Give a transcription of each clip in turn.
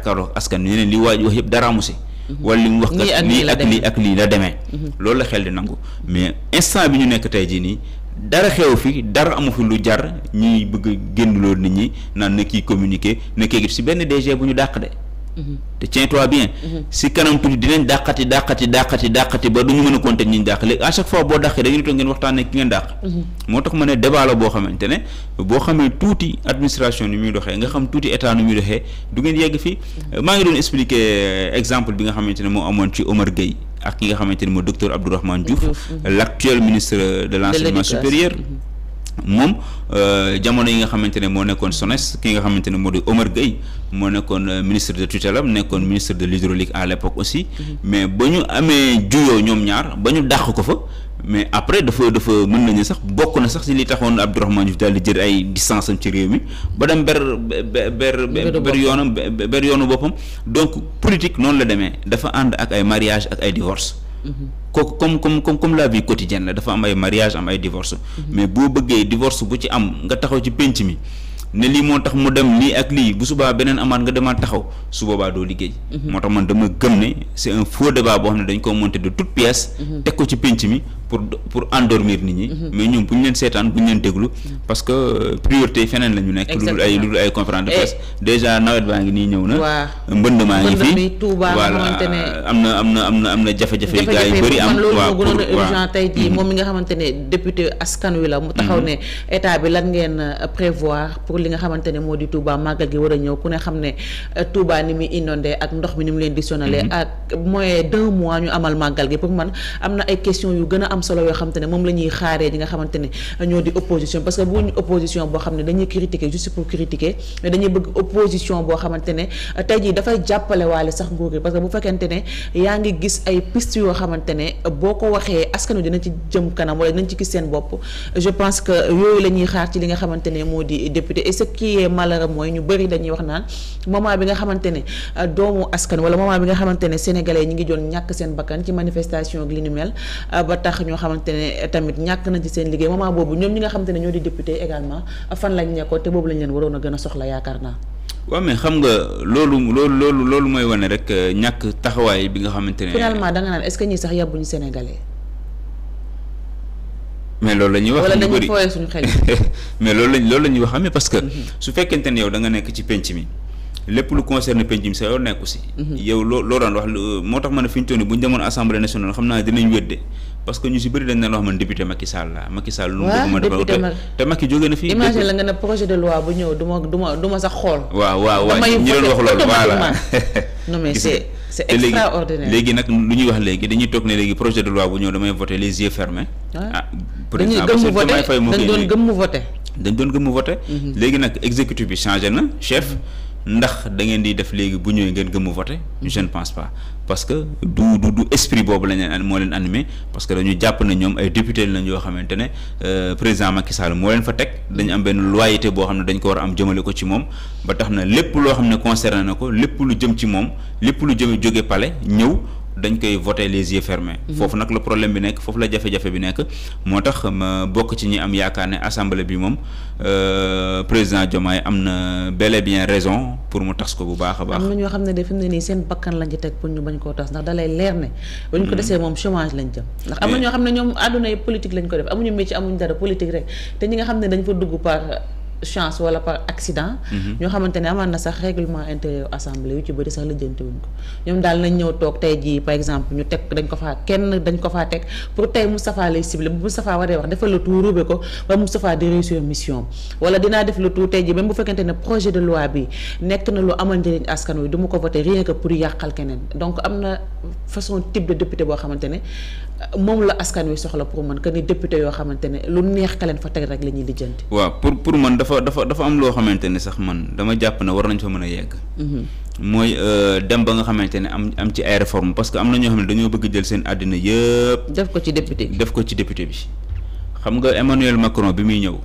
jàkkaarloo askan wi ne li waaj wax yëpp dara amu si. Mhm. wala li mu wax kat lii ak lii ak lii la demee. Mhm. loolu la xel di nangu mais instant bi ñu nekk tey jii nii. dara xew fi dara amu fi lu jar ñuy bëgg génn loolu nit ñi naan na kii communiqué na kii gis si benn DG bu ñu dàq de. te tiens-toi bien. Mhm. si kanam tuuti dinañ dàqati dàqati dàqati dàqati ba du ñu mën a compter ñi ñu dàq léegi à chaque fois boo dàqee dañuy toog ngeen waxtaanee ki ngeen dàq. Mhm. moo tax ma ne débat boo xamante ne boo xamee tuuti administration ni muy doxee nga xam tuuti état ni muy doxee du ngeen yegg fii. Mhm. maa ngi doon expliquer exemple bi nga xamante ne moo amoon ci Omar Gueye ak ki nga xamante ne moo docteur Abdourahmane Diouf. l' actuel ministre de l' enseignement supérieur. moom euh, jamono yi nga xamante ne moo nekkoon SONES ki nga xamante ne moo di Omar Gueye moo nekkoon euh, ministre de tutelle am nekkoon ministre de l'hydraulique à l'époque aussi mm-hmm. mais ba ñu amee juyoo ñoom ñaar ba ñu dàq ko fa mais après dafa dafa mën nañu sax bokk na sax si li taxoon Abdourahmane Diouf daal di jël ay distance am ci réew mi ba dem ber ber ber yoonam ber yoonu boppam donc politique noonu la demee dafa ànd ak ay mariage ak ay divorce kooku comme comme comme comme la vie quotidienne la dafa am ay mariage am ay divorce mhm. mais boo bëggee divorce bu ci am nga taxaw ci pénc mi ne lii moo tax mu dem nii ak lii bu subaa beneen amaat nga demaat taxaw su boobaa doo liggéey. Mhm. moo tax man dama gëm ne c'est un am na am na am na am na jafe-jafe yu gars yu bëri am. waaw pour waaw tey jii mhm. moom mi nga xamante ne député askan wi la mu taxaw mhm. ne état bi lan ngeen euh, prévoir li nga xamante ne moo di Touba màggal gi war a ñëw ku ne xam ne euh, Touba ni muy inondé ak ndox mi ni mu leen di sonalee mhm. ak moyen d'un ñu amal màggal gi pour man am na ay question yu gën a am solo yoo xamante moo di député et ce qui est mooy ñu bëri dañuy wax naan moment bi nga xamante ne euh, doomu askan wala moment bi nga xamante ne sénégalais ñi ngi doon ñàkk seen bakkan ci manifestation ak li ni mel euh, ba tax ñoo xamante ne tamit ñàkk na ci seen liggéey moment boobu ñoom ñi nga xamante ne ñoo di député également euh, fan lañ nekkoon te boobu lañ leen waroon a gën a soxla yaakaar naa. waaw mais xam nga loolu loolu loolu loolu mooy wane rek ñàkk taxawaay bi nga xamante ne. finalement da nga naan est-ce que ñii sax mais loolu la ñuy wax ñu bëri mais loolu lañ loolu la ñuy wax amee parce que mm-hmm. su fekkente ne yow da nga nekk ci penc mi lépp lu concerne penc mi sa yow nekku si mm-hmm. yow loo loo daan wax moo tax ma ne fi ñu toll nii bu ñu demoon assemblée nationale xam naa dinañ de parce que ñu si bëri dañ ne loo xam ne député Macky Sall la Macky Sall. lu mu bëgg ma defal te Macky jóge na fii. imagine la nga ne projet de loi bu ñëw du ma du ma sax xool. waaw waaw waaw ñi doon wax loolu voilà non mais c'est c'est extraordinaire léegi nag lu ñuy wax léegi dañuy toog ne léegi projet de loi bu ñëw damay voté les yeux fermés. ah par exemple dañuy gëmm voté dañ doon gëmm voté. dañ doon gëmm voté. Mhm. léegi nag exécutif bi changé na chef. Mhm. ndax da ngeen di def léegi bu ñëwee ngeen gëm a voté je ne pense pas parce que du du du esprit boobu lañ leen moo leen animé parce que dañu jàpp na ñoom ay député lañ yoo xamante ne euh, président Macky Sall moo leen fa teg dañu am benn loyauté boo xam ne dañ ko war am jëmale ko ci moom ba tax na lépp loo xam ne concerné na ko lépp lu jëm ci moom lépp lu jëm jóge pale ñëw dañ koy voter les yeux fermés. Mhm. foofu nag la problème bi nekk foofu la jafe-jafe bi nekk moo tax ma bokk ci ñi am yaakaar ne assemblée bi moom euh, président Diomaye am na bel et bien raison pour ko bu baax a baax. am na ñoo xam ne de fi mu ne nii seen bakkan lañ ci teg pour ñu bañ koo tas ndax da lay leer ne. bu ñu ko mhm. desee moom chômage lañ jëm. ndax am ñoo xam ne ñoom àdduna yi politique lañ ko def amuñu métier amuñu dara politique rek te ñi nga xam ne dañ fa dugg par. chance wala par accident. Mhm. ñoo xamante ne amaan na sax règlement intérieur assemblée yu ci bëri sax la jëntewuñ ko ñoom daal nañ ñëw toog tey jii par exemple ñu teg dañ ko fa kenn dañ ko faa teg pour tey Moustapha lay ciblé bu Moustapha waree wax defal le tout rubé ko ba Moustapha di réussir mission wala dinaa def le tout tey jii même bu fekkente ne projet de loi bi nekk na lu amal njëriñ askan wi du ma ko voté rien que pour yàqal keneen donc am na façon type de député boo xamante ne moom la askan wi soxla pour man que ni député yoo xamante ne lu neex ka leen fa teg rek la ñuy lijjanti. waaw pour pour man dafa dafa dafa am loo xamante ne sax man dama jàpp na war nañ fa mën a yegg. Mhm. mooy euh, dem ba nga xamante ne am am ci ay réformes parce que am na ñoo xam ne dañoo bëgg jël seen àddina yëpp. def ko ci député bi def ko ci député bi. xam nga Emmanuel Macron bi muy ñëw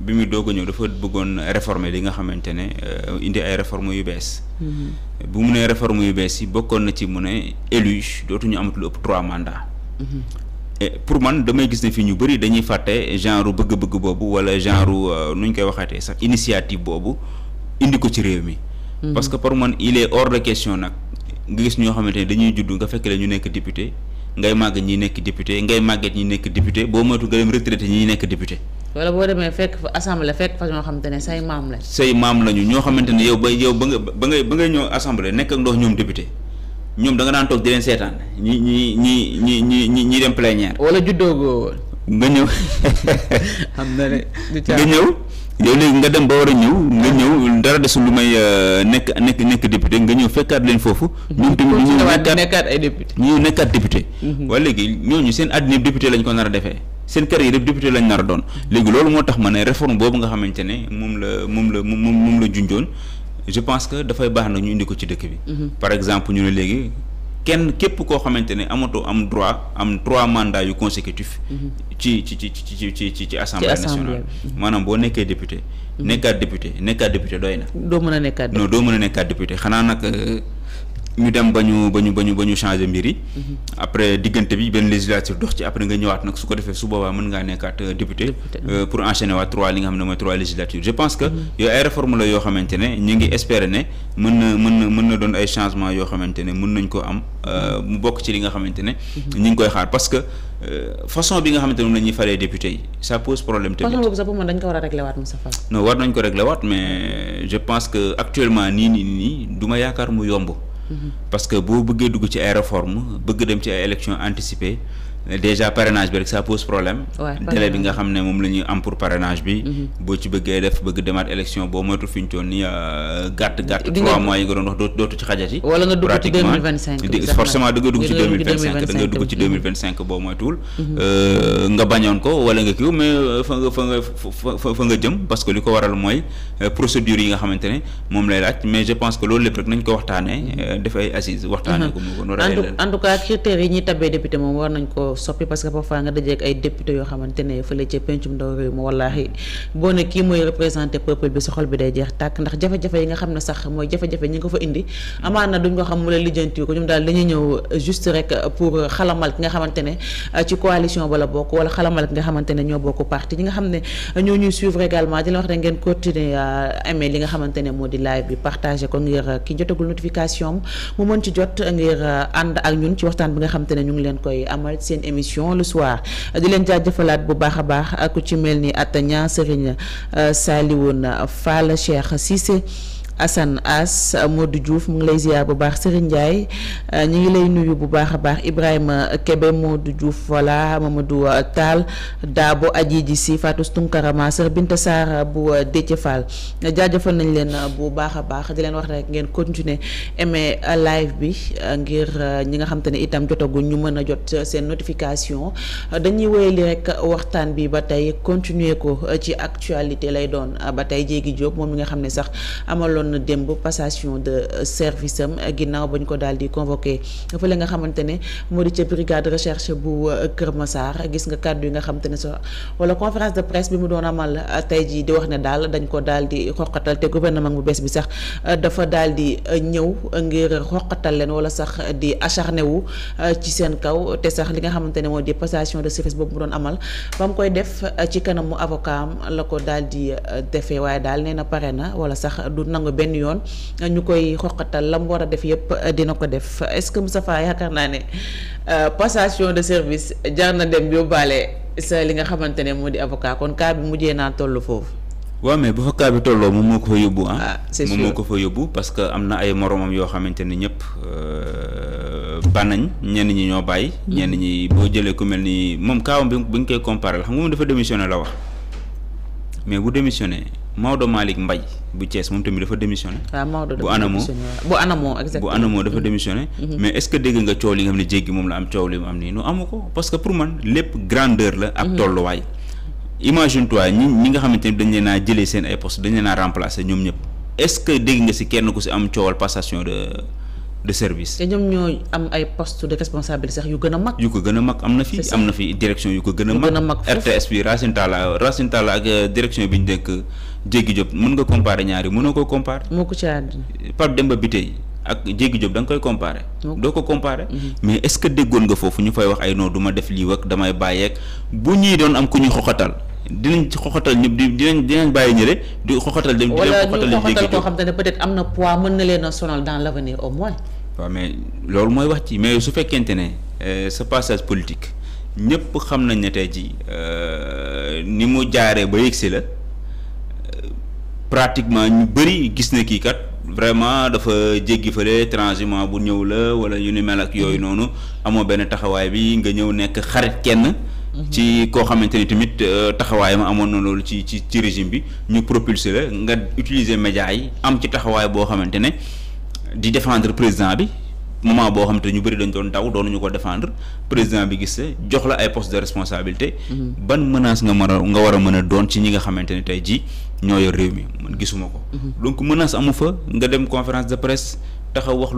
bi muy doog ñëw dafa bëggoon réformer li nga xamante ne euh, indi ay réformes yu bees. Mhm. bu mu nee yu bees yi bokkoon na ci mu ne élus dootuñu amatul ëpp pour man damay gis ne fii ñu bëri dañuy fàtte genre bëgg-bëgg boobu wala genre mm-hmm. euh, nu ñu koy waxatee sax initiative boobu indi ko ci réew mi. Mm-hmm. parce que pour man il est question nag nga gis ñoo xamante ne dañuy judd nga fekk la ñu nekk député ngay magg ñi nekk député ngay màgget ñi nekk député boo moytu nga dem retraité ñi nekk député. wala boo demee fekk fa assemblée fekk fa ñoo xamante ne say maam lañ. say maam lañu ñoo xamante ne yow ba yow ba nga ba ngay ba ñëw assemblée nekk ndox ñoom député. ñoom danga nga daan toog di leen seetaan ñi ñi ñi ñi ñi ñi ñi dem plénière. juddoo nga ñëw. xam na ne nga ñëw. yow léegi nga dem ba war a ñëw ah. ñëw dara desul lu may euh, nekk nekk nekk député nga ñëw fekkaat leen foofu. Mhm. ñoom tamit ñu ñëw nekkaat député. ñu ñëw nekkaat député. wala léegi ñooñu seen àddina député lañ ko nar a defee. seen kër yi rek député lañ nar a doon léegi loolu moo tax ma ne réforme boobu nga xamante ne moom la moom la moom moom la junjoon je pense que dafay baax na ñu indi ko ci dëkk bi. Mhm. par exemple ñu ne léegi kenn képp koo xamante ne amatoo am droit am trois mandats yu consécutif mhm. ci ci ci ci ci ci ci assemblée nationale. Mhm. maanaam boo nekkee député. nekkaat député nekkaat député doy na. doo mën a nekkaat doo mën a nekkaat député xanaa nag. Euh, ñu dem ba ñu ba ñu ba ñu ba ñu changé mbir yi. Mm-hmm. après diggante bi benn législature dox ci après nga ñëwaat nag su ko defee su boobaa mën ngaa nekkaat euh, député. Euh, pour enchaîner waa trois li nga xam ne mooy trois législature je pense que mm-hmm. yooyu ay réforme la xamante ne ñu ngi espérer ne mën na mën na mën na doon ay changement yoo xamante ne mën nañ ko am euh, mu bokk ci li nga xamante ne. Mm-hmm. ñu ngi koy xaar parce que façon bi nga xamante ne moom ñuy falee député yi ça pose problème. tamit façon boobu a réglé waat Moustapha. non war je pense que actuellement nii nii nii du yaakaar mu yomb parce que boo bëggee dugg ci ay réformes bëgg dem ci ay élections anticipées déjà parrainage bi rek ça pose problème. délai bi nga xam ne moom la am pour parrainage bi. Mm-hmm. boo ci bëggee def bëgg demaat élection boo moytu fi ñu toll euh, gàtt gàtt. trois yi nga doon wax dootu ci xajati. wala nga dugg ci deux dugg ci deux dugg ci boo moytuwul. Mm-hmm. Euh, nga bañoon ko wala nga kiw mais euh, fa nga fa fa nga jëm parce que li ko waral mooy procédure yi nga xamante ne moom lay laaj mais je pense que loolu lépp rek nañ ko waxtaanee def ay mm-hmm. ko mu ko soppi parce que parfois nga dajee ak ay député yoo xamante fële ca pencum ndaw réew mi wallaahi boo kii mooy représenté peuple bi sa bi day jeex tàkk ndax jafe-jafe yi nga xam ne sax mooy jafe-jafe ñi nga euh, xam ne ñoo ñuy suivre également di euh, euh, waxtaan bi nga xamante ne ñu ngi leen koy amal seen émission le soir di leen jëfalaat bu baax a baax aku ci mel ni Ataña Serigne euh, Saliwoon Fall a Cissé Assane As modu Diouf mu ngi lay ziar bu baax Serigne Ndiaye euh, ñu ngi lay nuyu bu baax a baax Ibrahima Kebe Modou Diouf voilà Mamadou euh, taal daabo Adjiji Si Fatou Tunkara ma sœur Binta Sarr bu euh, Déthié Fall jaajëfal nañ leen bu baax a baax di leen wax rek ngeen continuer aimer live bi ngir ñi nga xam te ne itam jotaguñ ñu mën a jot seen notification dañuy wéyali rek waxtaan bi ba tey continuer ko ci actualité lay doon ba tey Jéegi Diop moom mi nga xam ne sax amoon na démb passation de euh, service am euh, ginnaaw ba ñu ko daal di convoqué fële nga xamante ne moo di ca brigade recherche bu euh, Kër Massar gis nga kàddu yi nga xamante ne sax wala de presse bi mu doon amal tey jii di wax ne daal dañ ko daal di te gouvernement bu bees bi sax dafa daal ñëw ngir xoqatal leen wala sax di acharné wu ci seen kaw te sax li nga xamante ne moo di passation de service boobu mu doon amal ba mu koy def ci kanamu avocat am benn yoon ñu koy xoqatal la mu war a def yépp euh, dina ko def est-ce que Moustapha yaakaar naa ne euh, passation de service jaar na dem yóbbaale sa li nga xamante ne moo di avocat kon cas bi mujjee naa toll foofu. waaw mais bu fa cas tolloo moom moo ko fa yóbbu ah, ah moo ko yóbbu parce que am na ay moromam yoo xamante ne ñëpp euh, banañ ñenn ñi ñoo bàyyi ñenn ñi boo jëlee ku mel ni moom kaawam bi bi nga koy comparé la xam nga moom dafa démissionné la wax mais bu démissionné Maodo Malick Mbaye bu Thiès moom tamit dafa démissionné. Ah, waaw Maodo dafa démissionné bu Anamoo exactement bu Anamoo dafa mm-hmm. démissionné. Mm-hmm. mais est dégg nga coow li nga xam ne jéggi moom la am coow li mu am nii nu amu ko parce que pour man lépp grandeur la. ak mm-hmm. tolluwaay. imagine toi ñi ñi nga xamante ne dañ leen a jëlee seen ay postes dañ leen a remplacer ñoom ñëpp est-ce que dégg nga si kenn ku si am coowal passation de. de service. te ñoom am ay postes de responsabilité sax yu gën a mag. yu ko gën a mag am na fi am na fi direction yu ko gën a mag. a mag RTS bi Racine Talla Racine ak euh, direction bi ñu dénk Jéggi Diop mën nga comparer ñaari mënoo ko comparer. moo ko ci àddina Pape Demba Biteye ak Jéggi Diop da nga koy comparer. doo ko comparer. Mhm. mais est-ce que déggoon nga foofu ñu fay wax ay non du def lii ak damay bàyyeek bu ñuy doon am ku ñu xoxatal. dinañ ci xoxatal ñëpp di dinañ dinañ bàyyi ñële di xoxatal dem. di leen xoxatal wala ñu xoxatal koo xam te ne peut-être am na poids mën na leen a sonal dans l'avenir au moins. waaw mais loolu mooy wax ci mais su fekkente ne euh, ce passage politique ñëpp xam nañ ne tey ji euh, ni mu jaaree ba yegsi la euh, pratiquement ñu bëri gis na kii kat vraiment dafa jéggi fële transhumant bu ñëw la wala yu ni mel ak yooyu mm-hmm. noonu amoo benn taxawaay bi nga ñëw nekk xarit kenn. Mhm. ci koo xamante ni tamit euh, taxawaayam amoon na loolu ci ci ci régime bi ñu propulser la nga utiliser médias yi am ci taxawaay boo xamante ne di defendre président bi moment boo xam xamante ñu bëri dañ doon daw ñu ko défendre président bi gis sa jox la ay poste de responsabilité. Mhm. ban menace nga mën a nga war a mën a doon ci ñi nga xamante ne tey jii ñoo yor réew mi man gisuma ko. Mhm. donc menace amu fa nga dem conférence de presse taxaw wax.